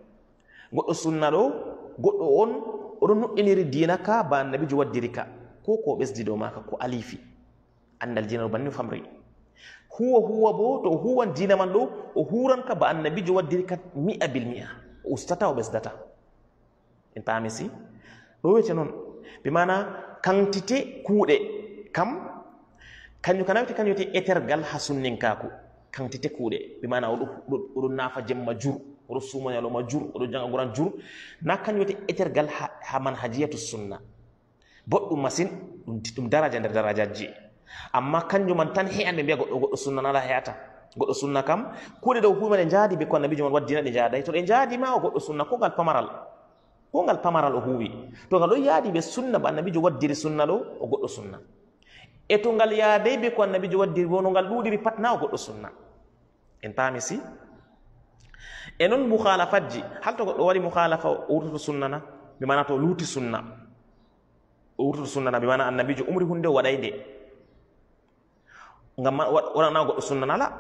goɗɗo sunna ɗo goɗɗo on oɗo nuɗɗiniri dina ka ba annabijo waddiri ka ko ko ɓesdi ɗo maka ko alifi andal dina ɗo bannin famri huwa huwa bo to huwan dina man ɗo o huran ka ba annabijo waddiri ka mi'a bil mi'a o ustata o ɓesdata en paami si ɗo wiyete noon ɓe mana kantite kuuɗe kam kañum kana wiyte kañum wiyete étergal ha sunnin kaku kantite kuuɗe ɓe mana oɗo naafa jemma jur oɗo sumañaloma jur oɗo janga guran jur na kañum wiyete étergal ha manhajiyatu sunna masin dum ɗum daraja nder darajaji amma kanjum man tan he ɓe mbiya goɗɗo goɗɗo na la hayata goɗɗo sunna kam kude do kuma e jaadi ɓe ko annabijo man waddina ɗe jaaday to ɗe jadi ma o goɗɗo sunna ko ngal pamaral ko ngal pamaral o huwi to ngal ɗo yaadi ɓe sunna ba annabijo waddiri sunna ɗo o goɗɗo sunna e to ngal yaadey be ko annabijo waddiri wono ngal ɗuuɗiri pat naw goɗɗo sunna en paami si e noon mukhalafat ji halto goɗɗo waɗi mukhalafa wurtoto sunnana mi mana to luuti sunna wurtoto sunnana mi mana annabijo umri hunde o waɗay nde ngam waɗanaw goɗɗo sunnana ala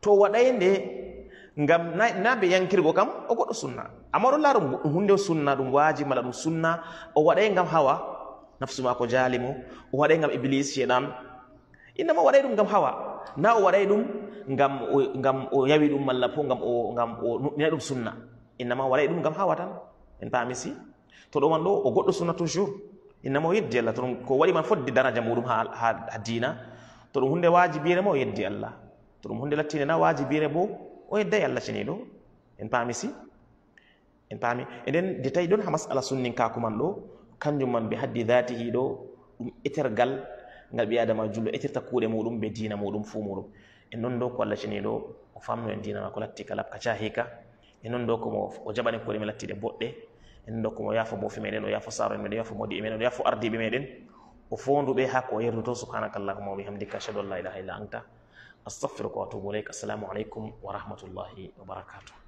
to waɗay nde ngam na be yankirgo kam o goɗɗo sunna amma ɗon laaru hunde sunna ɗum waaji mala ɗum sunna o waɗay ngam hawa nafsu mako jalimu o waɗay gam iblis cheɗan innama o waɗay ɗum gam hawa na o waɗay ɗum gam gam o yawi ɗum malla po gam o gam o nuɗɗina ɗum sunna innama o waɗay ɗum gam hawa tan en paami si to ɗo man ɗo o goɗɗo sunna toujours innama o yeddi allah to ko waɗi man fodde daraja muɗum ha dina to ɗum hunde wajibire ma o yeddi allah to ɗum hunde lattinde na wajibire bo o yedday allah ceniɗo en paami si en paami e nden de tawi ɗon ha masala sunninkaku man ɗo kanjum man bi haddi dhatihi ɗo ɗum etergal ngal ɓi adama julɗo etirta kuuɗe muɗum be dina muɗum fuu muɗum e non ɗo ko allah ceniɗo o famno en dina mako latti kalab ka cahika e non ɗo komo o jaɓani kuuɗe men lattiɗe boɗɗe en ɗo komo yaafo bofe meɗen o yaafo saro en meɗen yaafo modiɓe meɗen o yaafo ardiɓe meɗen o fonduɓe ha ko o yerduto subhanakallahuma wa bihamdika ashhadu an la ilaha illa anta astahfiruka wa atubu ilayk assalamu aleykum wa rahmatullahi wa barakatuh